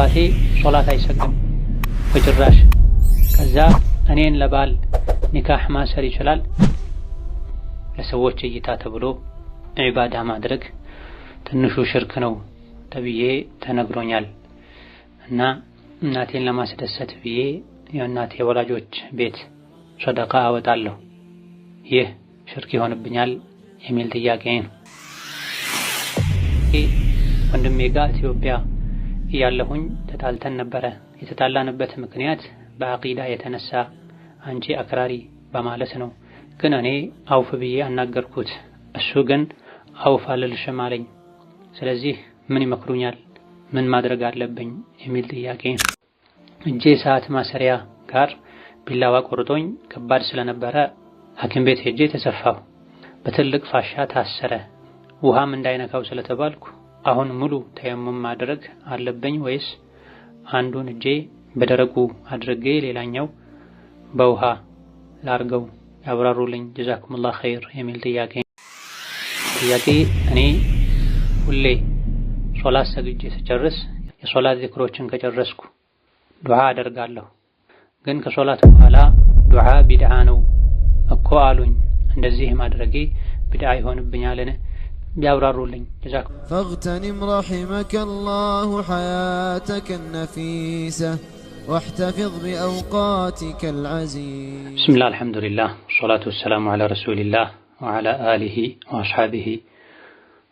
አባቴ ሶላት አይሰግድም በጭራሽ። ከዛ እኔን ለባል ኒካህ ማሰር ይችላል። ለሰዎች እይታ ተብሎ ዒባዳ ማድረግ ትንሹ ሽርክ ነው ተብዬ ተነግሮኛል እና እናቴን ለማስደሰት ብዬ የእናቴ ወላጆች ቤት ሰደቃ አወጣለሁ። ይህ ሽርክ ይሆንብኛል የሚል ጥያቄ ነው። ወንድሜ ጋር ኢትዮጵያ እያለሁኝ ተጣልተን ነበረ። የተጣላንበት ምክንያት በአቂዳ የተነሳ አንቺ አክራሪ በማለት ነው። ግን እኔ አውፍ ብዬ አናገርኩት፣ እሱ ግን አውፍ አልልሽም አለኝ። ስለዚህ ምን ይመክሩኛል? ምን ማድረግ አለብኝ? የሚል ጥያቄ። እጄ ሰዓት ማሰሪያ ጋር ቢላዋ ቆርጦኝ ከባድ ስለነበረ ሐኪም ቤት ሄጄ ተሰፋሁ። በትልቅ ፋሻ ታሰረ። ውሃም እንዳይነካው ስለተባልኩ አሁን ሙሉ ተየሙም ማድረግ አለብኝ ወይስ አንዱን እጄ በደረቁ አድርጌ ሌላኛው በውሃ ላርገው? ያብራሩልኝ። ጀዛኩሙላህ ኸይር የሚል ጥያቄ ጥያቄ እኔ ሁሌ ሶላት ሰግጄ ስጨርስ የሶላት ዚክሮችን ከጨረስኩ ዱዓ አደርጋለሁ። ግን ከሶላት በኋላ ዱዓ ቢድዓ ነው እኮ አሉኝ። እንደዚህ ማድረጌ ቢድዓ ይሆንብኛልን? فاغتنم رحمك الله حياتك النفيسة واحتفظ بأوقاتك العزيز بسم الله الحمد لله والصلاة والسلام على رسول الله وعلى آله وأصحابه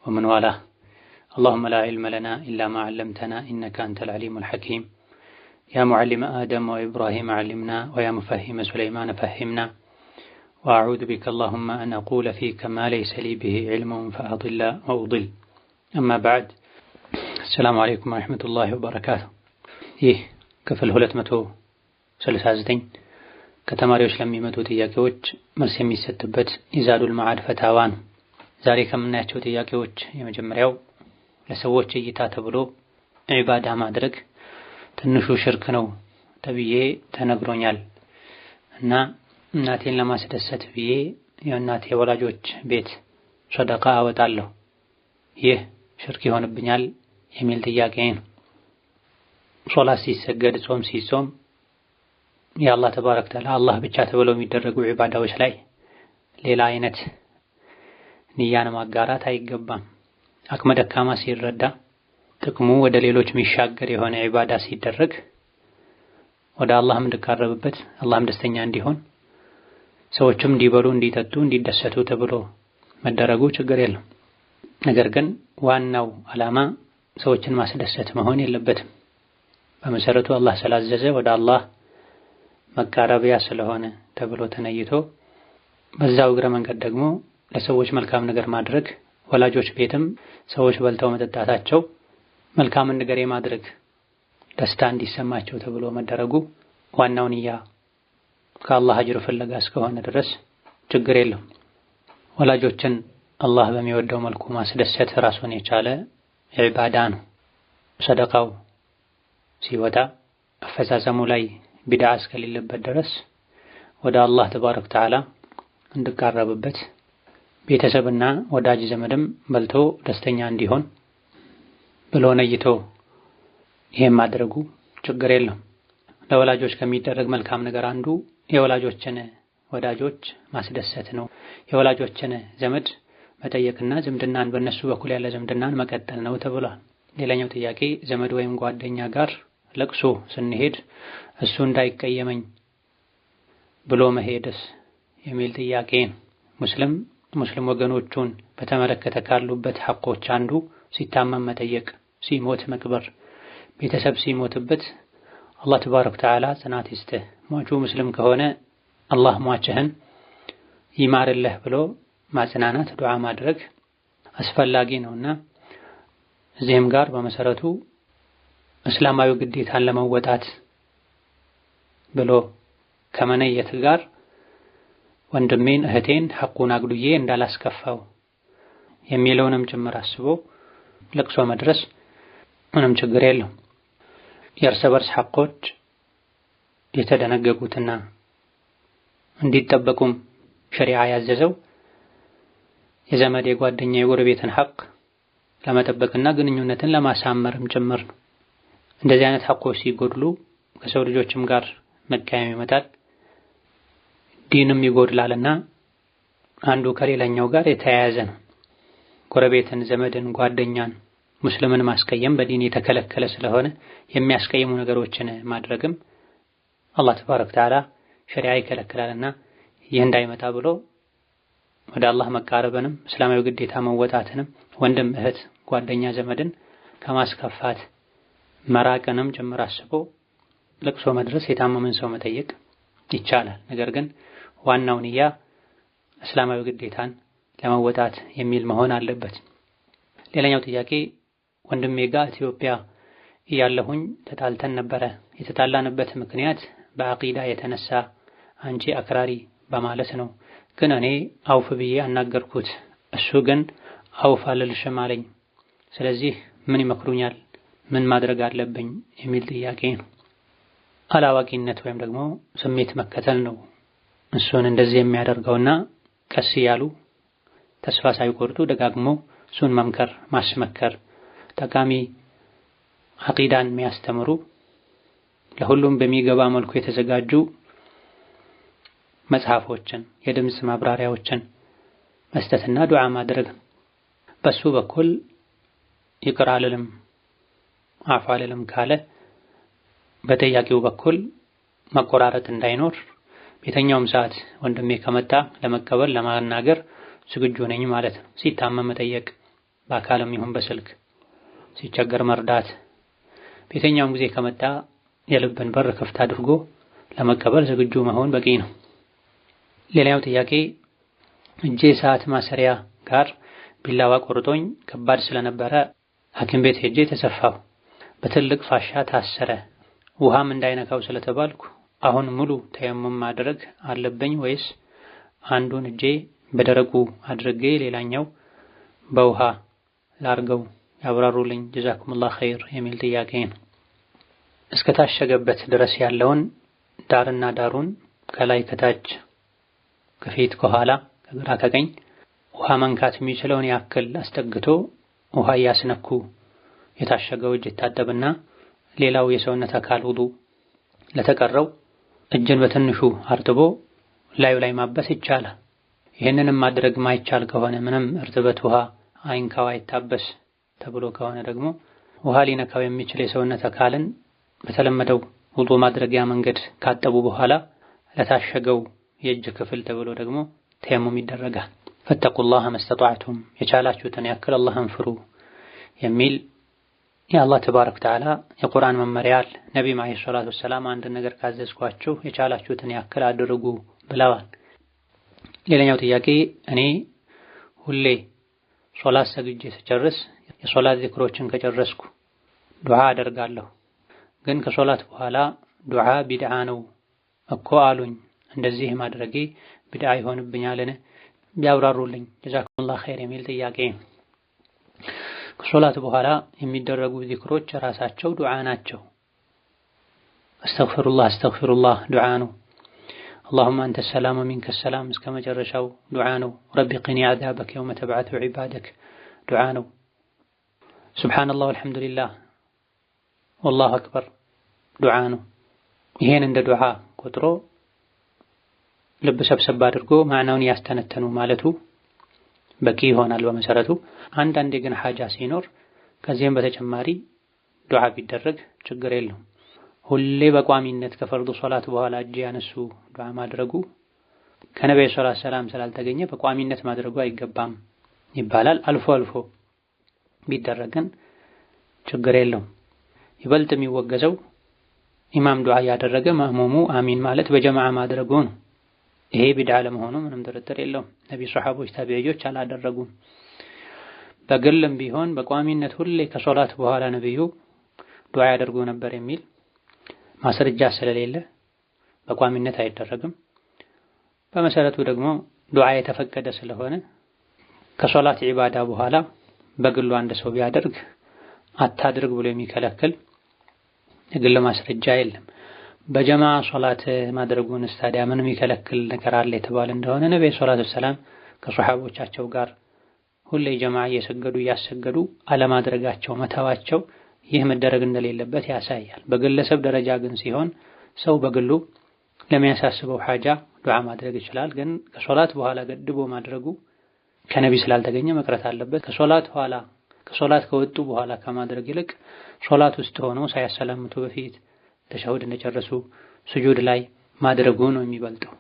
ومن والاه اللهم لا علم لنا إلا ما علمتنا إنك أنت العليم الحكيم يا معلم آدم وإبراهيم علمنا ويا مفهم سليمان فهمنا وأعوذ بك اللهم أن أقول فيك ما ليس لي به علم فأضل وأضل أما بعد السلام عليكم ورحمة الله وبركاته إيه كفل هلت متو سلسة زدين كتماري وشلمي متو تياكي وچ مرسي ستبت إزاد المعاد فتاوان ذلك من ناتو تياكي وچ يمجم ريو لسووش جيتا تبلو عبادة ما درك تنشو شركنو تبيه تنقرونيال እናቴን ለማስደሰት ብዬ የእናቴ ወላጆች ቤት ሰደቃ አወጣለሁ፣ ይህ ሽርክ ይሆንብኛል የሚል ጥያቄ ነው። ሶላት ሲሰገድ፣ ጾም ሲጾም የአላህ ተባረክ ተዓላ አላህ ብቻ ተብለው የሚደረጉ ዒባዳዎች ላይ ሌላ አይነት ንያን ማጋራት አይገባም። አቅመ ደካማ ሲረዳ ጥቅሙ ወደ ሌሎች የሚሻገር የሆነ ዒባዳ ሲደረግ ወደ አላህ እንድቃረብበት አላህም ደስተኛ እንዲሆን ሰዎችም እንዲበሉ እንዲጠጡ እንዲደሰቱ ተብሎ መደረጉ ችግር የለም። ነገር ግን ዋናው ዓላማ ሰዎችን ማስደሰት መሆን የለበትም። በመሰረቱ አላህ ስላዘዘ ወደ አላህ መቃረቢያ ስለሆነ ተብሎ ተነይቶ በዛው እግረ መንገድ ደግሞ ለሰዎች መልካም ነገር ማድረግ ወላጆች ቤትም ሰዎች በልተው መጠጣታቸው መልካምን ነገር የማድረግ ደስታ እንዲሰማቸው ተብሎ መደረጉ ዋናውን እያ ከአላህ አጅር ፍለጋ እስከሆነ ድረስ ችግር የለውም። ወላጆችን አላህ በሚወደው መልኩ ማስደሰት ራሱን የቻለ ዒባዳ ነው። ሰደቃው ሲወጣ አፈጻጸሙ ላይ ቢድዓ እስከሌለበት ድረስ ወደ አላህ ተባረክ ተዓላ እንድቃረብበት ቤተሰብና ወዳጅ ዘመድም በልቶ ደስተኛ እንዲሆን ብሎ ነይቶ ይሄን ማድረጉ ችግር የለም። ለወላጆች ከሚደረግ መልካም ነገር አንዱ የወላጆችን ወዳጆች ማስደሰት ነው። የወላጆችን ዘመድ መጠየቅና ዝምድናን በእነሱ በኩል ያለ ዝምድናን መቀጠል ነው ተብሏል። ሌላኛው ጥያቄ ዘመድ ወይም ጓደኛ ጋር ለቅሶ ስንሄድ እሱ እንዳይቀየመኝ ብሎ መሄድስ የሚል ጥያቄ ሙስሊም ሙስሊም ወገኖቹን በተመለከተ ካሉበት ሐቆች አንዱ ሲታመም መጠየቅ፣ ሲሞት መቅበር፣ ቤተሰብ ሲሞትበት አላህ ተባረክ ወተዓላ ጽናት ይስጥህ። ሟቹ ሙስሊም ከሆነ አላህ ሟችህን ይማርልህ ብሎ ማጽናናት ዱዓ ማድረግ አስፈላጊ ነውና እዚህም ጋር በመሰረቱ እስላማዊ ግዴታን ለመወጣት ብሎ ከመነየት ጋር ወንድሜን እህቴን ሐቁን አግዱዬ እንዳላስከፋው የሚለውንም ጭምር አስቦ ለቅሶ መድረስ ምንም ችግር የለው። የእርስ በርስ ሐቆች የተደነገጉትና እንዲጠበቁም ሸሪዓ ያዘዘው የዘመድ የጓደኛ የጎረቤትን ሐቅ ለመጠበቅና ግንኙነትን ለማሳመርም ጭምር ነው። እንደዚህ አይነት ሐቆች ሲጎድሉ ከሰው ልጆችም ጋር መቀያየም ይመጣል፣ ዲንም ይጎድላልና አንዱ ከሌላኛው ጋር የተያያዘ ነው። ጎረቤትን፣ ዘመድን፣ ጓደኛን ሙስልምን ማስቀየም በዲን የተከለከለ ስለሆነ የሚያስቀይሙ ነገሮችን ማድረግም አላህ ተባረክ ተዓላ ሸሪዓ ይከለክላልና ይህ እንዳይመጣ ብሎ ወደ አላህ መቃረብንም እስላማዊ ግዴታ መወጣትንም ወንድም፣ እህት፣ ጓደኛ፣ ዘመድን ከማስከፋት መራቅንም ጭምር አስቦ ለቅሶ መድረስ፣ የታመመን ሰው መጠየቅ ይቻላል። ነገር ግን ዋናው ንያ እስላማዊ ግዴታን ለመወጣት የሚል መሆን አለበት። ሌላኛው ጥያቄ ወንድሜ ጋር ኢትዮጵያ እያለሁኝ ተጣልተን ነበረ። የተጣላንበት ምክንያት በአቂዳ የተነሳ አንቺ አክራሪ በማለት ነው። ግን እኔ አውፍ ብዬ አናገርኩት፣ እሱ ግን አውፍ አልልሽም አለኝ። ስለዚህ ምን ይመክሩኛል? ምን ማድረግ አለብኝ? የሚል ጥያቄ ነው። አላዋቂነት ወይም ደግሞ ስሜት መከተል ነው እሱን እንደዚህ የሚያደርገውና ቀስ እያሉ ተስፋ ሳይቆርጡ ደጋግሞ እሱን መምከር ማስመከር ጠቃሚ አቂዳን የሚያስተምሩ ለሁሉም በሚገባ መልኩ የተዘጋጁ መጽሐፎችን የድምፅ ማብራሪያዎችን መስጠትና ዱዓ ማድረግ በሱ በኩል ይቅር አልልም አፍ አልልም ካለ በጠያቂው በኩል መቆራረጥ እንዳይኖር የተኛውም ሰዓት ወንድሜ ከመጣ ለመቀበል ለማናገር ዝግጁ ነኝ ማለት ነው። ሲታመም መጠየቅ በአካልም ይሁን በስልክ ሲቸገር መርዳት። በየትኛውም ጊዜ ከመጣ የልብን በር ክፍት አድርጎ ለመቀበል ዝግጁ መሆን በቂ ነው። ሌላኛው ጥያቄ እጄ ሰዓት ማሰሪያ ጋር ቢላዋ ቆርጦኝ ከባድ ስለነበረ ሐኪም ቤት ሄጄ ተሰፋው፣ በትልቅ ፋሻ ታሰረ። ውሃም እንዳይነካው ስለተባልኩ አሁን ሙሉ ተየሙም ማድረግ አለብኝ ወይስ አንዱን እጄ በደረቁ አድርጌ ሌላኛው በውሃ ላርገው? ያብራሩልኝ ጀዛኩሙላህ ኸይር የሚል ጥያቄ ነው። እስከ ታሸገበት ድረስ ያለውን ዳርና ዳሩን ከላይ ከታች ከፊት ከኋላ ከግራ ከቀኝ ውሃ መንካት የሚችለውን ያክል አስጠግቶ ውሃ እያስነኩ የታሸገው እጅ ይታጠብና ሌላው የሰውነት አካል ውዱእ ለተቀረው እጅን በትንሹ አርጥቦ ላዩ ላይ ማበስ ይቻላል። ይህንንም ማድረግ ማይቻል ከሆነ ምንም እርጥበት ውሃ አይንካው አይታበስ ተብሎ ከሆነ ደግሞ ውሃ ሊነካው የሚችል የሰውነት አካልን በተለመደው ውጡ ማድረጊያ መንገድ ካጠቡ በኋላ ለታሸገው የእጅ ክፍል ተብሎ ደግሞ ተየሙም ይደረጋል። ፈተቁላህ መስተጧዕቱም የቻላችሁትን ያክል አላህን ፍሩ የሚል የአላህ ተባረክ ወተዓላ የቁርአን መመሪያ አለ። ነቢም ዓለይሂ ሰላቱ ወሰላም አንድ ነገር ካዘዝኳችሁ የቻላችሁትን ያክል አድርጉ ብለዋል። ሌላኛው ጥያቄ እኔ ሁሌ ሶላት ሰግጄ ስጨርስ የሶላት ዚክሮችን ከጨረስኩ ዱዓ አደርጋለሁ። ግን ከሶላት በኋላ ዱዓ ቢድዓ ነው እኮ አሉኝ፣ እንደዚህ ማድረጌ ቢድዓ ይሆንብኛልን? ቢያብራሩልኝ ጀዛኩሙላህ ኸይር የሚል ጥያቄ። ከሶላት በኋላ የሚደረጉ ዚክሮች ራሳቸው ዱዓ ናቸው። አስተግፊሩላህ አስተግፊሩላህ ዱዓ ነው። አላሁመ አንተ ሰላም ወሚንከ ሰላም እስከ መጨረሻው ዱዓ ነው። ረቢ ቂኒ አዛበከ የውመ ተብዓቱ ዒባደክ ዱዓ ነው። ሱብሓነላህ አልሐምዱሊላህ ወላሁ አክበር ዱዓ ነው። ይሄን እንደ ዱዓ ቆጥሮ ልብ ሰብሰብ አድርጎ ማዕናውን ያስተነተኑ ማለቱ በቂ ይሆናል በመሰረቱ። አንዳንዴ ግን ሐጃ ሲኖር ከዚህም በተጨማሪ ዱዓ ቢደረግ ችግር የለውም። ሁሌ በቋሚነት ከፈርዱ ሶላት በኋላ እጅ ያነሱ ዱዓ ማድረጉ ከነቢዩ ሰላም ስላልተገኘ በቋሚነት ማድረጉ አይገባም ይባላል አልፎ አልፎ ቢደረግን ችግር የለውም። ይበልጥ የሚወገዘው ኢማም ዱዓ ያደረገ ማእሙሙ አሚን ማለት በጀማዓ ማድረጉ ነው። ይሄ ቢድዓ ለመሆኑ ምንም ጥርጥር የለውም። ነቢ፣ ሰሓቦች፣ ታቢዒዎች አላደረጉም። በግልም ቢሆን በቋሚነት ሁሌ ከሶላት በኋላ ነብዩ ዱዓ ያደርጉ ነበር የሚል ማስረጃ ስለሌለ በቋሚነት አይደረግም። በመሰረቱ ደግሞ ዱዓ የተፈቀደ ስለሆነ ከሶላት ዒባዳ በኋላ በግሉ አንድ ሰው ቢያደርግ አታድርግ ብሎ የሚከለክል የግል ማስረጃ የለም። በጀማ ሶላት ማድረጉን ታዲያ ምን የሚከለክል ነገር አለ የተባለ እንደሆነ ነብዩ ሰለላሁ ዐለይሂ ወሰለም ጋር ሁሌ ጀማ እየሰገዱ እያሰገዱ አለማድረጋቸው መተዋቸው ይህ መደረግ እንደሌለበት ያሳያል። በግለሰብ ደረጃ ግን ሲሆን ሰው በግሉ ለሚያሳስበው ሐጃ ዱዓ ማድረግ ይችላል። ግን ከሶላት በኋላ ገድቦ ማድረጉ ከነቢ ስላልተገኘ መቅረት አለበት። ከሶላት በኋላ ከሶላት ከወጡ በኋላ ከማድረግ ይልቅ ሶላት ውስጥ ሆኖ ሳያሰላምቱ በፊት ተሻሁድ እንደጨረሱ ስጁድ ላይ ማድረጉ ነው የሚበልጠው።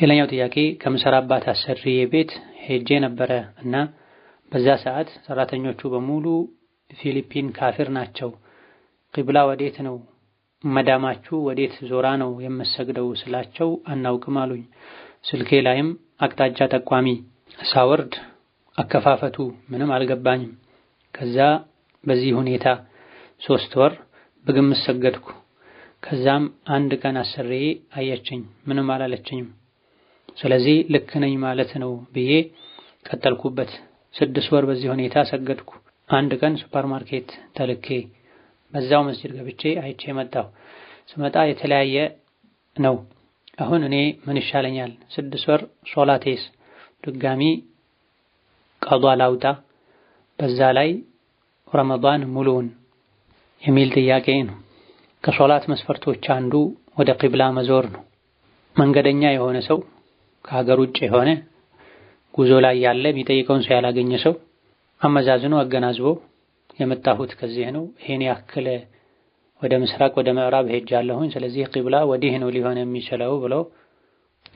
ሌላኛው ጥያቄ ከምሰራባት አሰሪዬ ቤት ሄጄ ነበረ እና በዛ ሰዓት ሰራተኞቹ በሙሉ ፊሊፒን ካፊር ናቸው። ቂብላ ወዴት ነው መዳማችሁ ወዴት ዞራ ነው የምሰግደው ስላቸው አናውቅም አሉኝ። ስልኬ ላይም አቅጣጫ ጠቋሚ ሳወርድ አከፋፈቱ ምንም አልገባኝም። ከዛ በዚህ ሁኔታ ሶስት ወር በግምት ሰገድኩ። ከዛም አንድ ቀን አሰሬ አየችኝ፣ ምንም አላለችኝም። ስለዚህ ልክ ነኝ ማለት ነው ብዬ ቀጠልኩበት። ስድስት ወር በዚህ ሁኔታ ሰገድኩ። አንድ ቀን ሱፐርማርኬት ተልኬ በዛው መስጂድ ገብቼ አይቼ መጣሁ። ስመጣ የተለያየ ነው። አሁን እኔ ምን ይሻለኛል? ስድስት ወር ሶላቴስ ድጋሚ ቀዷ ላውጣ፣ በዛ ላይ ረመዳን ሙሉውን የሚል ጥያቄ ነው። ከሶላት መስፈርቶች አንዱ ወደ ቂብላ መዞር ነው። መንገደኛ የሆነ ሰው ከሀገር ውጭ የሆነ ጉዞ ላይ ያለ የሚጠይቀውን ሰው ያላገኘ ሰው አመዛዝኖ አገናዝቦ የመጣሁት ከዚህ ነው፣ ይሄን ያክል ወደ ምስራቅ ወደ ምዕራብ ሄጃለሁኝ፣ ስለዚህ ቂብላ ወዲህ ነው ሊሆን የሚችለው ብለው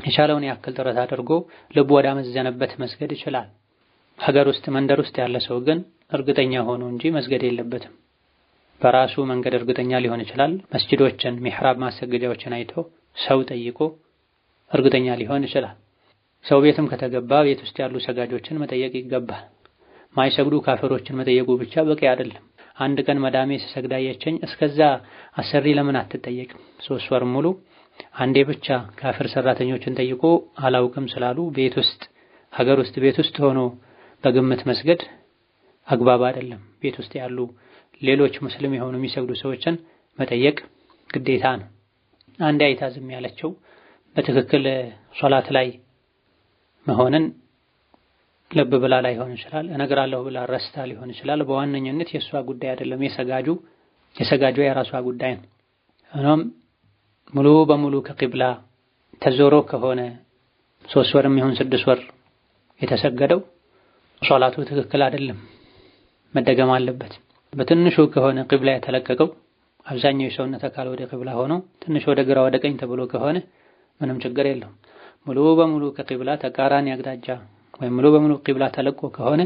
የቻለውን ያክል ጥረት አድርጎ ልቡ ወዳመዘነበት መስገድ ይችላል። ሀገር ውስጥ መንደር ውስጥ ያለ ሰው ግን እርግጠኛ ሆኖ እንጂ መስገድ የለበትም። በራሱ መንገድ እርግጠኛ ሊሆን ይችላል። መስጅዶችን ሚሕራብ ማሰገጃዎችን አይቶ ሰው ጠይቆ እርግጠኛ ሊሆን ይችላል። ሰው ቤትም ከተገባ ቤት ውስጥ ያሉ ሰጋጆችን መጠየቅ ይገባል። ማይሰግዱ ካፈሮችን መጠየቁ ብቻ በቂ አይደለም። አንድ ቀን መዳሜ ስሰግዳየችኝ እስከዛ አሰሪ ለምን አትጠየቅም? ሶስት ወር ሙሉ አንዴ ብቻ ካፍር ሰራተኞችን ጠይቆ አላውቅም ስላሉ ቤት ውስጥ ሀገር ውስጥ ቤት ውስጥ ሆኖ በግምት መስገድ አግባብ አይደለም። ቤት ውስጥ ያሉ ሌሎች ሙስሊም የሆኑ የሚሰግዱ ሰዎችን መጠየቅ ግዴታ ነው። አንዴ አይታ ዝም ያለችው በትክክል ሶላት ላይ መሆንን ልብ ብላ ላይሆን ይችላል። እነግራለሁ ብላ ረስታ ሊሆን ይችላል። በዋነኝነት የእሷ ጉዳይ አይደለም። የሰጋጁ የሰጋጁ የራሷ ጉዳይ ነው። ሙሉ በሙሉ ከቂብላ ተዞሮ ከሆነ ሶስት ወርም ይሁን ስድስት ወር የተሰገደው ሶላቱ ትክክል አይደለም፣ መደገም አለበት። በትንሹ ከሆነ ቂብላ የተለቀቀው አብዛኛው የሰውነት አካል ወደ ቂብላ ሆኖ ትንሽ ወደ ግራ ወደ ቀኝ ተብሎ ከሆነ ምንም ችግር የለውም። ሙሉ በሙሉ ከቂብላ ተቃራኒ አቅጣጫ ወይም ሙሉ በሙሉ ቂብላ ተለቆ ከሆነ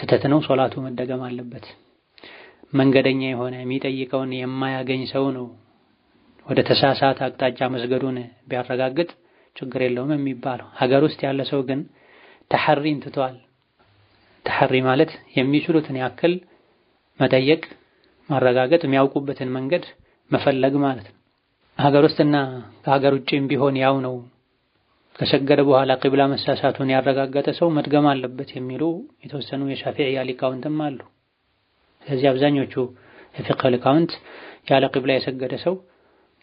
ስህተት ነው፣ ሶላቱ መደገም አለበት። መንገደኛ የሆነ የሚጠይቀውን የማያገኝ ሰው ነው ወደ ተሳሳተ አቅጣጫ መስገዱን ቢያረጋግጥ ችግር የለውም የሚባለው። ሀገር ውስጥ ያለ ሰው ግን ተሐሪ እንትቷል። ተሐሪ ማለት የሚችሉትን ያክል መጠየቅ፣ ማረጋገጥ፣ የሚያውቁበትን መንገድ መፈለግ ማለት ነው። ሀገር ውስጥና ከሀገር ውጭም ቢሆን ያው ነው። ከሰገደ በኋላ ቂብላ መሳሳቱን ያረጋገጠ ሰው መድገም አለበት የሚሉ የተወሰኑ የሻፊዕያ ሊቃውንትም አሉ። ስለዚህ አብዛኞቹ የፊቅህ ሊቃውንት ያለ ቂብላ የሰገደ ሰው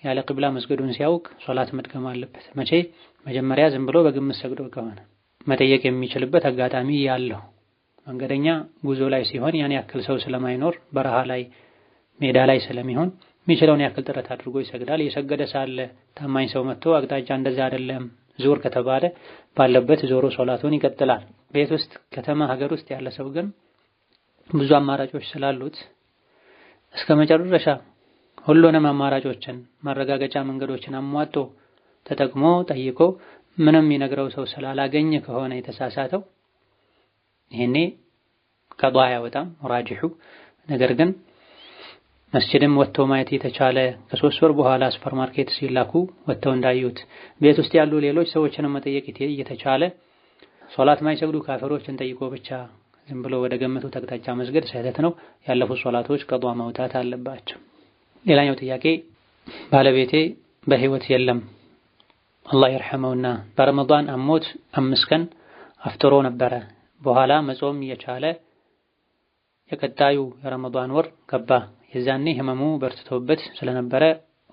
ያለ ቅብላ መስገዱን ሲያውቅ ሶላት መድገም አለበት። መቼ? መጀመሪያ ዝም ብሎ በግምት ሰግዶ ከሆነ መጠየቅ የሚችልበት አጋጣሚ ያለው መንገደኛ ጉዞ ላይ ሲሆን ያን ያክል ሰው ስለማይኖር በረሃ ላይ ሜዳ ላይ ስለሚሆን የሚችለውን ያክል ጥረት አድርጎ ይሰግዳል። የሰገደ ሳለ ታማኝ ሰው መጥቶ አቅጣጫ እንደዛ አይደለም ዞር ከተባለ ባለበት ዞሮ ሶላቱን ይቀጥላል። ቤት ውስጥ፣ ከተማ፣ ሀገር ውስጥ ያለ ሰው ግን ብዙ አማራጮች ስላሉት እስከ መጨረሻ ሁሉንም አማራጮችን ማረጋገጫ መንገዶችን አሟጦ ተጠቅሞ ጠይቆ ምንም የሚነግረው ሰው ስላላገኘ ከሆነ የተሳሳተው ይሄኔ ቀዷ አያወጣም ራጅሑ። ነገር ግን መስጅድም ወጥቶ ማየት የተቻለ ከሶስት ወር በኋላ ሱፐርማርኬት ሲላኩ ወጥተው እንዳዩት ቤት ውስጥ ያሉ ሌሎች ሰዎችንም መጠየቅ እየተቻለ ሶላት ማይሰግዱ ካፈሮችን ጠይቆ ብቻ ዝም ብሎ ወደ ገመቱ ተቅጣጫ መስገድ ስህተት ነው። ያለፉት ሶላቶች ቀዷ መውጣት አለባቸው። ሌላኛው ጥያቄ ባለቤቴ በህይወት የለም፣ አላህ ይርሐመውና በረመዳን አሞት አምስት ቀን አፍጥሮ ነበረ። በኋላ መጾም እየቻለ የቀጣዩ የረመዳን ወር ገባ። የዛኔ ህመሙ በርትቶበት ስለነበረ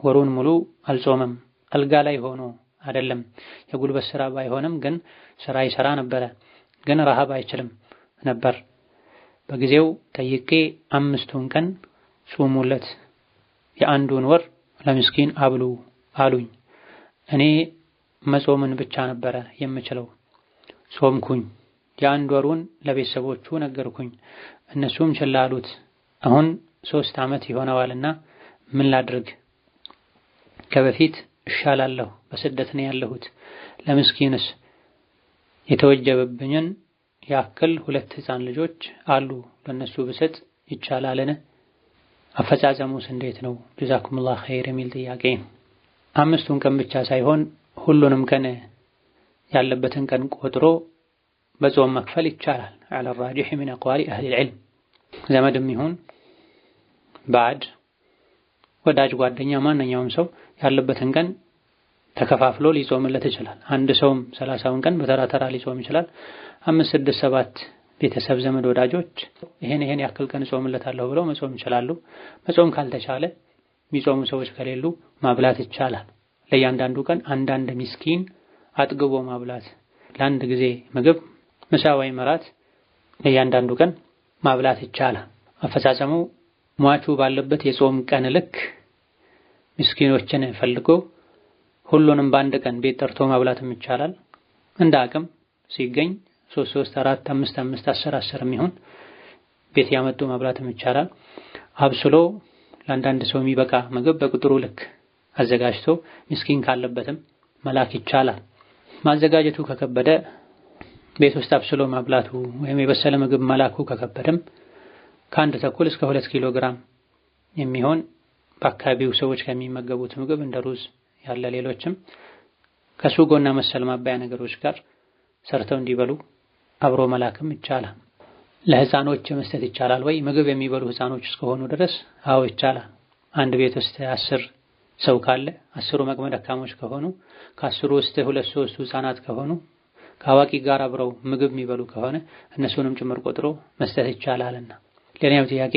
ወሩን ሙሉ አልጾመም። አልጋ ላይ ሆኖ አይደለም፣ የጉልበት ስራ ባይሆንም ግን ስራ ይሰራ ነበረ። ግን ረሃብ አይችልም ነበር። በጊዜው ጠይቄ አምስቱን ቀን ጾሙለት የአንዱን ወር ለምስኪን አብሉ አሉኝ። እኔ መጾምን ብቻ ነበረ የምችለው። ጾምኩኝ። የአንድ ወሩን ለቤተሰቦቹ ነገርኩኝ። እነሱም ችላ አሉት። አሁን ሶስት ዓመት ይሆነዋልና ምን ላድርግ? ከበፊት እሻላለሁ፣ በስደት ነው ያለሁት። ለምስኪንስ የተወጀበብኝን ያክል ሁለት ሕፃን ልጆች አሉ፣ ለነሱ ብሰጥ ይቻላልን? አፈጻጸሙስ እንዴት ነው? ጀዛኩሙላህ ኸይር የሚል ጥያቄ ነው። አምስቱን ቀን ብቻ ሳይሆን ሁሉንም ቀን ያለበትን ቀን ቆጥሮ በጾም መክፈል ይቻላል። አለ ራጂሕ ሚን አቅዋሊ አህሊል ልዕልም ዘመድም ይሁን ባዕድ ወዳጅ ጓደኛ ማንኛውም ሰው ያለበትን ቀን ተከፋፍሎ ሊጾምለት ይችላል። አንድ ሰውም ሰላሳውን ቀን በተራ ተራ ሊጾም ይችላል። አምስት ስድስት ሰባት ቤተሰብ፣ ዘመድ፣ ወዳጆች ይሄን ይሄን ያክል ቀን እጾምለታለሁ ብለው መጾም ይችላሉ። መጾም ካልተቻለ የሚጾሙ ሰዎች ከሌሉ ማብላት ይቻላል። ለእያንዳንዱ ቀን አንዳንድ ሚስኪን አጥግቦ ማብላት፣ ለአንድ ጊዜ ምግብ ምሳ ወይም እራት ለእያንዳንዱ ቀን ማብላት ይቻላል። አፈጻጸሙ ሟቹ ባለበት የጾም ቀን ልክ ምስኪኖችን ፈልጎ ሁሉንም በአንድ ቀን ቤት ጠርቶ ማብላትም ይቻላል። እንደ አቅም ሲገኝ ሶስት ሶስት አራት አምስት አምስት አስር አስር የሚሆን ቤት ያመጡ መብላትም ይቻላል። አብስሎ ለአንዳንድ ሰው የሚበቃ ምግብ በቁጥሩ ልክ አዘጋጅቶ ምስኪን ካለበትም መላክ ይቻላል። ማዘጋጀቱ ከከበደ ቤት ውስጥ አብስሎ መብላቱ ወይም የበሰለ ምግብ መላኩ ከከበደም ከአንድ ተኩል እስከ ሁለት ኪሎ ግራም የሚሆን በአካባቢው ሰዎች ከሚመገቡት ምግብ እንደ ሩዝ ያለ ሌሎችም ከሱጎና መሰል ማባያ ነገሮች ጋር ሰርተው እንዲበሉ አብሮ መላክም ይቻላል። ለህፃኖች መስጠት ይቻላል ወይ? ምግብ የሚበሉ ህፃኖች እስከሆኑ ድረስ አዎ ይቻላል። አንድ ቤት ውስጥ አስር ሰው ካለ አስሩ አቅመ ደካሞች ከሆኑ ከአስሩ ውስጥ ሁለት ሶስቱ ህፃናት ከሆኑ ከአዋቂ ጋር አብረው ምግብ የሚበሉ ከሆነ እነሱንም ጭምር ቆጥሮ መስጠት ይቻላልና። ሌላኛው ጥያቄ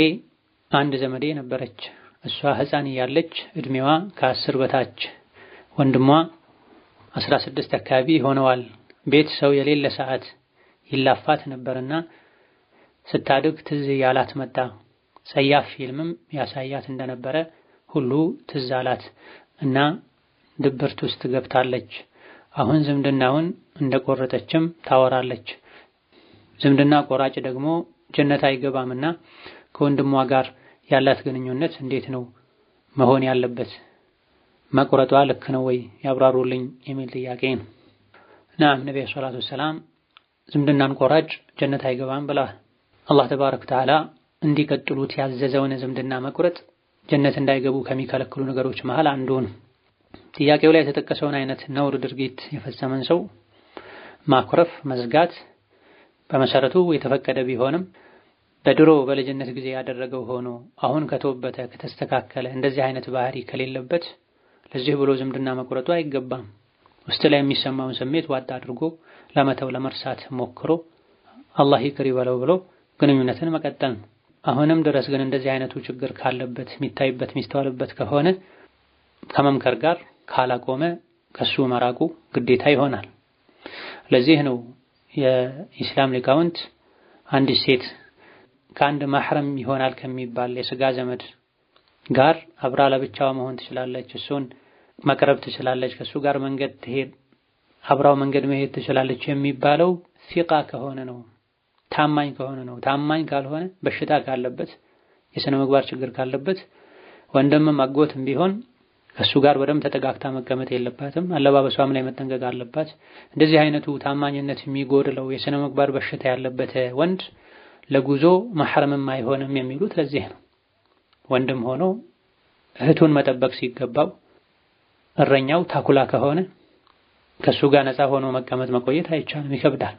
አንድ ዘመዴ ነበረች። እሷ ህፃን እያለች እድሜዋ ከአስር በታች ወንድሟ አስራ ስድስት አካባቢ ሆነዋል። ቤት ሰው የሌለ ሰዓት ይላፋት ነበርና ስታድግ ትዝ ያላት መጣ። ጸያፍ ፊልምም ያሳያት እንደነበረ ሁሉ ትዝ አላት እና ድብርት ውስጥ ገብታለች። አሁን ዝምድናውን እንደቆረጠችም ታወራለች። ዝምድና ቆራጭ ደግሞ ጀነት አይገባምና ከወንድሟ ጋር ያላት ግንኙነት እንዴት ነው መሆን ያለበት? መቁረጧ ልክ ነው ወይ ያብራሩልኝ የሚል ጥያቄ ነው። ናም ነቢ ሰለላሁ ዐለይሂ ዝምድናን ቆራጭ ጀነት አይገባም ብለዋል። አላህ ተባረክ ወተዓላ እንዲቀጥሉት ያዘዘውን ዝምድና መቁረጥ ጀነት እንዳይገቡ ከሚከለክሉ ነገሮች መሃል አንዱ ነው። ጥያቄው ላይ የተጠቀሰውን አይነት ነውር ድርጊት የፈጸመን ሰው ማኩረፍ፣ መዝጋት በመሰረቱ የተፈቀደ ቢሆንም በድሮ በልጅነት ጊዜ ያደረገው ሆኖ አሁን ከተወበተ ከተስተካከለ እንደዚህ አይነት ባህሪ ከሌለበት ለዚህ ብሎ ዝምድና መቁረጡ አይገባም። ውስጥ ላይ የሚሰማውን ስሜት ዋጥ አድርጎ ለመተው ለመርሳት ሞክሮ አላህ ይቅር ይበለው ብሎ ግንኙነትን መቀጠል ነው። አሁንም ድረስ ግን እንደዚህ አይነቱ ችግር ካለበት የሚታይበት የሚስተዋልበት ከሆነ ከመምከር ጋር ካላቆመ ከሱ መራቁ ግዴታ ይሆናል። ለዚህ ነው የኢስላም ሊቃውንት አንዲት ሴት ከአንድ ማህረም ይሆናል ከሚባል የስጋ ዘመድ ጋር አብራ ለብቻዋ መሆን ትችላለች እሱን መቅረብ ትችላለች፣ ከሱ ጋር መንገድ ትሄድ አብራው መንገድ መሄድ ትችላለች የሚባለው ሲቃ ከሆነ ነው፣ ታማኝ ከሆነ ነው። ታማኝ ካልሆነ በሽታ ካለበት፣ የሥነ ምግባር ችግር ካለበት ወንድምም አጎትም ቢሆን ከሱ ጋር በደንብ ተጠጋግታ መቀመጥ የለባትም። አለባበሷም ላይ መጠንቀቅ አለባት። እንደዚህ አይነቱ ታማኝነት የሚጎድለው የሥነ ምግባር በሽታ ያለበት ወንድ ለጉዞ መሐረምም አይሆንም የሚሉት ለዚህ ነው። ወንድም ሆኖ እህቱን መጠበቅ ሲገባው እረኛው ታኩላ ከሆነ ከሱ ጋር ነፃ ሆኖ መቀመጥ መቆየት አይቻልም፣ ይከብዳል።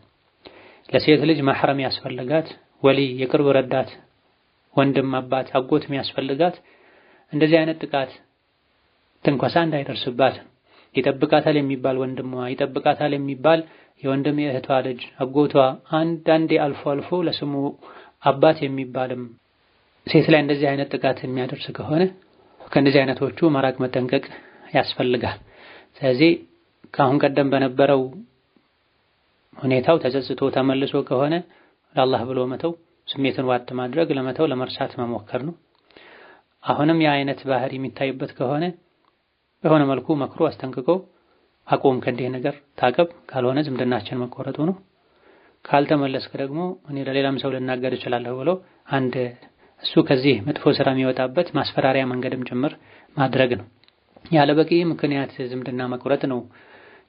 ለሴት ልጅ ማህረም ያስፈልጋት፣ ወሊ፣ የቅርብ ረዳት፣ ወንድም፣ አባት፣ አጎት የሚያስፈልጋት እንደዚህ አይነት ጥቃት ትንኮሳ እንዳይደርስባት ይጠብቃታል የሚባል ወንድሟ ይጠብቃታል የሚባል የወንድም የእህቷ ልጅ አጎቷ፣ አንዳንዴ አልፎ አልፎ ለስሙ አባት የሚባልም ሴት ላይ እንደዚህ አይነት ጥቃት የሚያደርስ ከሆነ ከእንደዚህ አይነቶቹ መራቅ መጠንቀቅ ያስፈልጋል። ስለዚህ ከአሁን ቀደም በነበረው ሁኔታው ተጸጽቶ ተመልሶ ከሆነ ለአላህ ብሎ መተው፣ ስሜትን ዋጥ ማድረግ፣ ለመተው ለመርሳት መሞከር ነው። አሁንም ያ አይነት ባህሪ የሚታይበት ከሆነ በሆነ መልኩ መክሮ አስጠንቅቆ አቆም፣ ከእንዲህ ነገር ታቀብ፣ ካልሆነ ዝምድናችን መቆረጡ ነው። ካልተመለስክ ደግሞ እኔ ለሌላም ሰው ልናገር እችላለሁ ብሎ አንድ እሱ ከዚህ መጥፎ ስራ የሚወጣበት ማስፈራሪያ መንገድም ጭምር ማድረግ ነው። ያለ በቂ ምክንያት ዝምድና መቁረጥ ነው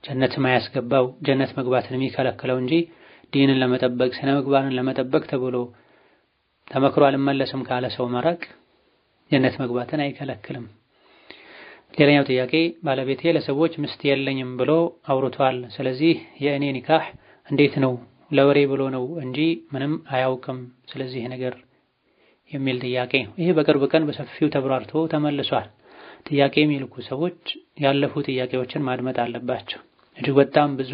ጀነት ማያስገባው ጀነት መግባትን የሚከለክለው እንጂ ዲንን ለመጠበቅ ስነ ምግባርን ለመጠበቅ ተብሎ ተመክሮ አልመለስም ካለ ሰው መራቅ ጀነት መግባትን አይከለክልም። ሌላኛው ጥያቄ ባለቤቴ ለሰዎች ምስት የለኝም ብሎ አውርቷል። ስለዚህ የእኔ ኒካህ እንዴት ነው? ለወሬ ብሎ ነው እንጂ ምንም አያውቅም ስለዚህ ነገር የሚል ጥያቄ። ይህ በቅርብ ቀን በሰፊው ተብራርቶ ተመልሷል። ጥያቄ የሚልኩ ሰዎች ያለፉ ጥያቄዎችን ማድመጥ አለባቸው። እጅግ በጣም ብዙ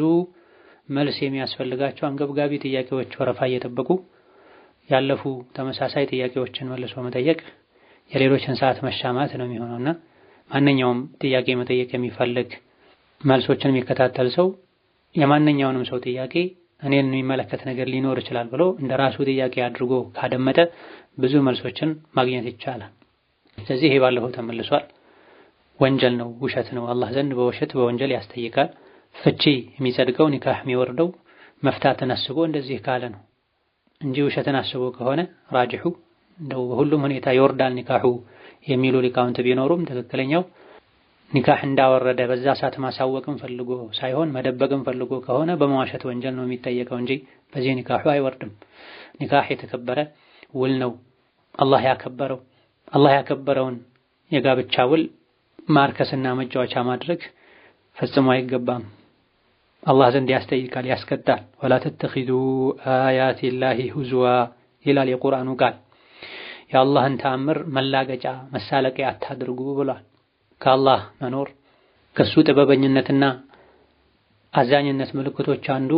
መልስ የሚያስፈልጋቸው አንገብጋቢ ጥያቄዎች ወረፋ እየጠበቁ ያለፉ ተመሳሳይ ጥያቄዎችን መልሶ መጠየቅ የሌሎችን ሰዓት መሻማት ነው እና ማንኛውም ጥያቄ መጠየቅ የሚፈልግ መልሶችን የሚከታተል ሰው የማንኛውንም ሰው ጥያቄ እኔን የሚመለከት ነገር ሊኖር ይችላል ብሎ እንደ ራሱ ጥያቄ አድርጎ ካደመጠ ብዙ መልሶችን ማግኘት ይቻላል። ስለዚህ ይሄ ባለፈው ተመልሷል። ወንጀል ነው፣ ውሸት ነው። አላህ ዘንድ በውሸት በወንጀል ያስጠይቃል። ፍቺ የሚጸድቀው ኒካህ የሚወርደው መፍታትን አስቦ እንደዚህ ካለ ነው እንጂ ውሸትን አስቦ ከሆነ ራጅሑ እንደው በሁሉም ሁኔታ ይወርዳል ኒካሑ የሚሉ ሊቃውንት ቢኖሩም ትክክለኛው ኒካህ እንዳወረደ በዛ ሰዓት ማሳወቅም ፈልጎ ሳይሆን መደበቅም ፈልጎ ከሆነ በመዋሸት ወንጀል ነው የሚጠየቀው እንጂ በዚህ ኒካሑ አይወርድም። ኒካህ የተከበረ ውል ነው። አላህ ያከበረው አላህ ያከበረውን የጋብቻ ውል ማርከስና መጫወቻ ማድረግ ፈጽሞ አይገባም። አላህ ዘንድ ያስጠይቃል፣ ያስቀጣል። ወላ ተተኺዙ አያቲ ላሂ ሁዝዋ ይላል የቁርአኑ ቃል። የአላህን ተአምር መላገጫ መሳለቂያ አታድርጉ ብሏል። ከአላህ መኖር ከሱ ጥበበኝነትና አዛኝነት ምልክቶች አንዱ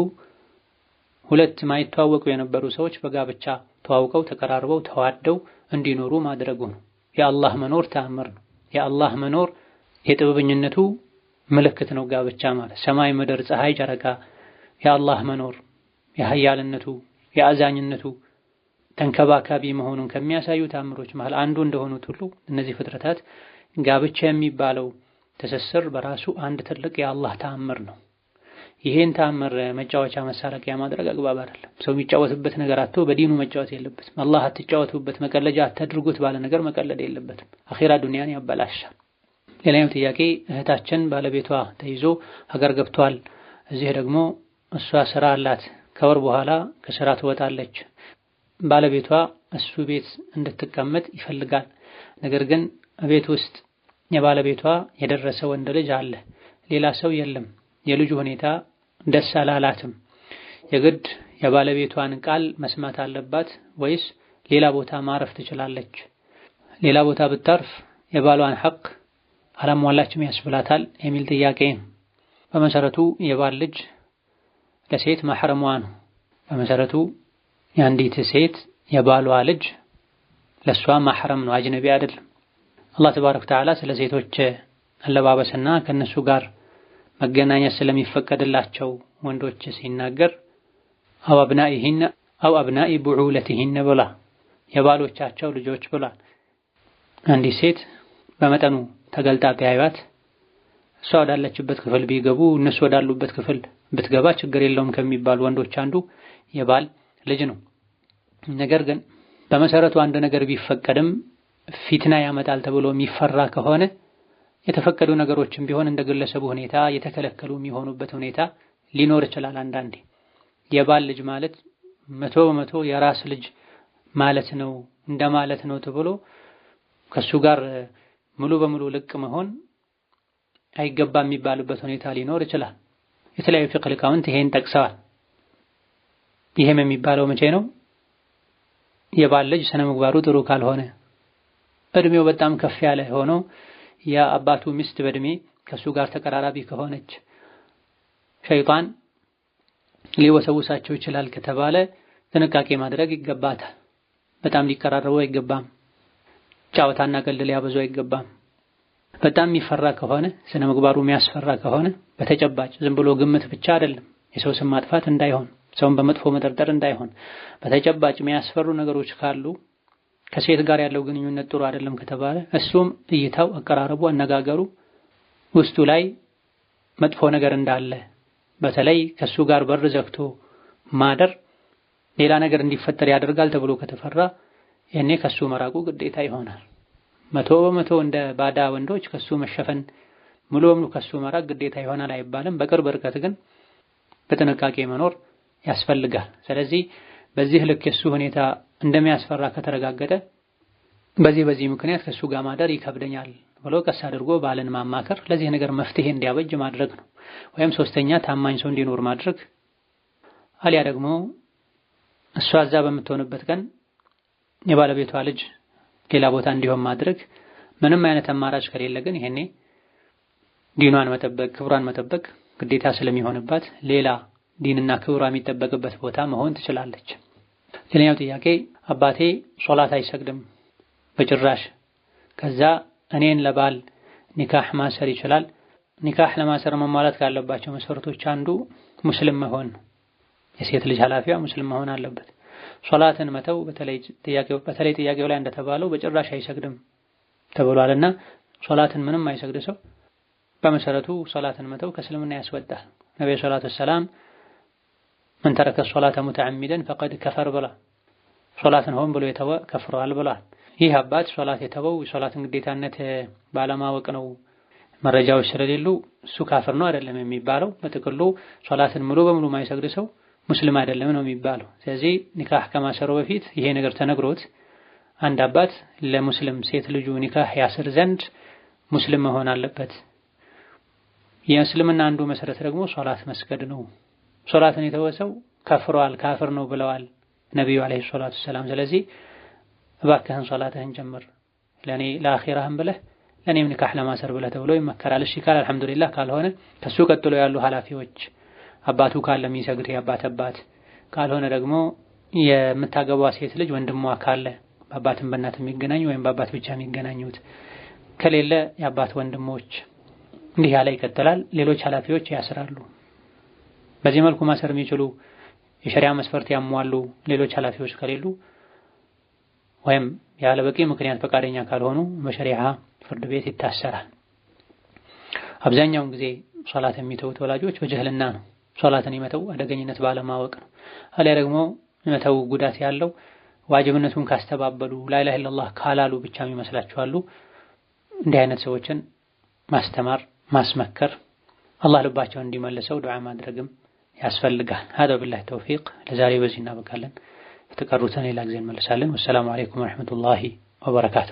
ሁለት ማይተዋወቁ የነበሩ ሰዎች በጋብቻ ተዋውቀው ተቀራርበው ተዋደው እንዲኖሩ ማድረጉ ነው። የአላህ መኖር ተአምር ነው። የአላህ መኖር የጥበበኝነቱ ምልክት ነው። ጋብቻ ማለት ሰማይ፣ ምድር፣ ፀሐይ፣ ጨረቃ የአላህ መኖር የሀያልነቱ የአዛኝነቱ ተንከባካቢ መሆኑን ከሚያሳዩ ታምሮች መሃል አንዱ እንደሆኑት ሁሉ እነዚህ ፍጥረታት ጋብቻ የሚባለው ትስስር በራሱ አንድ ትልቅ የአላህ ተአምር ነው። ይሄን ታምር መጫወቻ መሳረቂያ ማድረግ አግባብ አይደለም። ሰው የሚጫወትበት ነገር አቶ በዲኑ መጫወት የለበትም። አላህ አትጫወቱበት፣ መቀለጃ አታድርጉት ባለ ነገር መቀለድ የለበትም። አኺራ ዱንያን ያበላሻል። ሌላኛው ጥያቄ እህታችን ባለቤቷ ተይዞ ሀገር ገብቷል። እዚህ ደግሞ እሷ ስራ አላት። ከወር በኋላ ከስራ ትወጣለች። ባለቤቷ እሱ ቤት እንድትቀመጥ ይፈልጋል። ነገር ግን ቤት ውስጥ የባለቤቷ የደረሰ ወንድ ልጅ አለ፣ ሌላ ሰው የለም። የልጁ ሁኔታ ደስ አላላትም። የግድ የባለቤቷን ቃል መስማት አለባት ወይስ ሌላ ቦታ ማረፍ ትችላለች? ሌላ ቦታ ብታርፍ የባሏን ሐቅ አላሟላችም ያስብላታል የሚል ጥያቄ በመሰረቱ የባል ልጅ ለሴት ማህረሟ ነው። በመሰረቱ የአንዲት ሴት የባሏ ልጅ ለሷ ማህረም ነው፣ አጅነቢ አይደለም። አላህ ተባረከ ወተዓላ ስለ ሴቶች አለባበስና ከነሱ ጋር መገናኘት ስለሚፈቀድላቸው ወንዶች ሲናገር አው አብናኢሂነ አው አብናኢ ቡዑለቲሂነ ብላ የባሎቻቸው ልጆች ብሏል። አንዲት ሴት በመጠኑ ተገልጣ ቢያዩት እሷ ወዳለችበት ክፍል ቢገቡ እነሱ ወዳሉበት ክፍል ብትገባ ችግር የለውም ከሚባሉ ወንዶች አንዱ የባል ልጅ ነው። ነገር ግን በመሰረቱ አንድ ነገር ቢፈቀድም ፊትና ያመጣል ተብሎ የሚፈራ ከሆነ የተፈቀዱ ነገሮችም ቢሆን እንደ ግለሰቡ ሁኔታ የተከለከሉ የሚሆኑበት ሁኔታ ሊኖር ይችላል። አንዳንዴ የባል ልጅ ማለት መቶ በመቶ የራስ ልጅ ማለት ነው እንደማለት ነው ተብሎ ከሱ ጋር ሙሉ በሙሉ ልቅ መሆን አይገባም የሚባልበት ሁኔታ ሊኖር ይችላል። የተለያዩ ፊቅህ ሊቃውንት ይሄን ጠቅሰዋል። ይሄም የሚባለው መቼ ነው? የባል ልጅ ስነ ምግባሩ ጥሩ ካልሆነ እድሜው በጣም ከፍ ያለ ሆኖ የአባቱ ሚስት በእድሜ ከእሱ ጋር ተቀራራቢ ከሆነች ሸይጣን ሊወሰውሳቸው ይችላል ከተባለ ጥንቃቄ ማድረግ ይገባታል። በጣም ሊቀራረቡ አይገባም። ጫወታና ቀልድ ሊያበዙ አይገባም። በጣም የሚፈራ ከሆነ ስነ ምግባሩ የሚያስፈራ ከሆነ በተጨባጭ ዝም ብሎ ግምት ብቻ አይደለም የሰው ስም ማጥፋት እንዳይሆን፣ ሰውን በመጥፎ መጠርጠር እንዳይሆን በተጨባጭ የሚያስፈሩ ነገሮች ካሉ ከሴት ጋር ያለው ግንኙነት ጥሩ አይደለም ከተባለ እሱም እይታው፣ አቀራረቡ፣ አነጋገሩ ውስጡ ላይ መጥፎ ነገር እንዳለ በተለይ ከሱ ጋር በር ዘግቶ ማደር ሌላ ነገር እንዲፈጠር ያደርጋል ተብሎ ከተፈራ የኔ ከሱ መራቁ ግዴታ ይሆናል። መቶ በመቶ እንደ ባዳ ወንዶች ከሱ መሸፈን፣ ሙሉ በሙሉ ከሱ መራቅ ግዴታ ይሆናል አይባልም። በቅርብ ርቀት ግን በጥንቃቄ መኖር ያስፈልጋል። ስለዚህ በዚህ ልክ የእሱ ሁኔታ እንደሚያስፈራ ከተረጋገጠ በዚህ በዚህ ምክንያት ከእሱ ጋር ማደር ይከብደኛል ብሎ ቀስ አድርጎ ባልን ማማከር ለዚህ ነገር መፍትሄ እንዲያበጅ ማድረግ ነው። ወይም ሶስተኛ ታማኝ ሰው እንዲኖር ማድረግ አሊያ ደግሞ እሷ እዛ በምትሆንበት ቀን የባለቤቷ ልጅ ሌላ ቦታ እንዲሆን ማድረግ። ምንም አይነት አማራጭ ከሌለ ግን ይሄኔ ዲኗን መጠበቅ ክብሯን መጠበቅ ግዴታ ስለሚሆንባት ሌላ ዲንና ክብሯ የሚጠበቅበት ቦታ መሆን ትችላለች። የኔኛው ጥያቄ አባቴ ሶላት አይሰግድም በጭራሽ። ከዛ እኔን ለባል ኒካህ ማሰር ይችላል። ኒካህ ለማሰር መሟላት ካለባቸው መሰረቶች አንዱ ሙስልም መሆን ነው። የሴት ልጅ ኃላፊዋ ሙስልም መሆን አለበት። ሶላትን መተው በተለይ ጥያቄው ላይ እንደተባለው በጭራሽ አይሰግድም ተብሏልና ሶላትን ምንም አይሰግድ ሰው በመሰረቱ ሶላትን መተው ከእስልምና ያስወጣል። ነቢዩ ሰላቱ ሰላም መን ተረከ ሶላተ ሙተዓሚደን ፈቀድ ከፈር ብሏል። ሶላትን ሆን ብሎ የተወ ከፍሯል ብሏል። ይህ አባት ሶላት የተወው ሶላትን ግዴታነት ባለማወቅ ነው፣ መረጃዎች ስለሌሉ እሱ ካፍር ነው አይደለም የሚባለው። በጥቅሉ ሶላትን ሙሉ በሙሉ ማይሰግድ ሰው ሙስሊም አይደለም ነው የሚባለው። ስለዚህ ኒካህ ከማሰሩ በፊት ይሄ ነገር ተነግሮት አንድ አባት ለሙስሊም ሴት ልጁ ኒካህ ያስር ዘንድ ሙስሊም መሆን አለበት። የእስልምና አንዱ መሰረት ደግሞ ሶላት መስገድ ነው። ሶላትን የተወሰው ከፍሯል ካፍር ነው ብለዋል ነቢዩ አለይሂ ሰላቱ ሰላም። ስለዚህ እባክህን ሶላትህን ጀምር ለኔ ለአኺራህም ብለህ ለኔም ንካህ ለማሰር ብለህ ተብሎ ይመከራል። እሺ ካል አልሐምዱሊላህ፣ ካልሆነ ከሱ ቀጥሎ ያሉ ኃላፊዎች አባቱ ካለ ለሚሰግድ የአባት አባት ካልሆነ ደግሞ የምታገባ ሴት ልጅ ወንድሟ ካለ በአባትም በእናት የሚገናኙ ወይም በአባት ብቻ የሚገናኙት ከሌለ የአባት ወንድሞች እንዲህ ያለ ይቀጥላል። ሌሎች ኃላፊዎች ያስራሉ። በዚህ መልኩ ማሰር የሚችሉ የሸሪያ መስፈርት ያሟሉ ሌሎች ኃላፊዎች ከሌሉ ወይም ያለ በቂ ምክንያት ፈቃደኛ ካልሆኑ በሸሪዓ ፍርድ ቤት ይታሰራል። አብዛኛውን ጊዜ ሶላት የሚተውት ወላጆች በጀህልና ነው። ሶላትን የመተው አደገኝነት ባለማወቅ ነው። አሊያ ደግሞ መተው ጉዳት ያለው ዋጅብነቱን ካስተባበሉ ላኢላሃ ኢለላህ ካላሉ ብቻም ይመስላችኋሉ። እንዲህ አይነት ሰዎችን ማስተማር፣ ማስመከር፣ አላህ ልባቸውን እንዲመልሰው ዱዓ ማድረግም ያስፈልጋል። ሀዳ ቢላሂ ተውፊቅ። ለዛሬ በዚህ እናበቃለን። የተቀሩትን ሌላ ጊዜ እንመለሳለን። ወሰላሙ አለይኩም ወረሕመቱላሂ ወበረካቱ።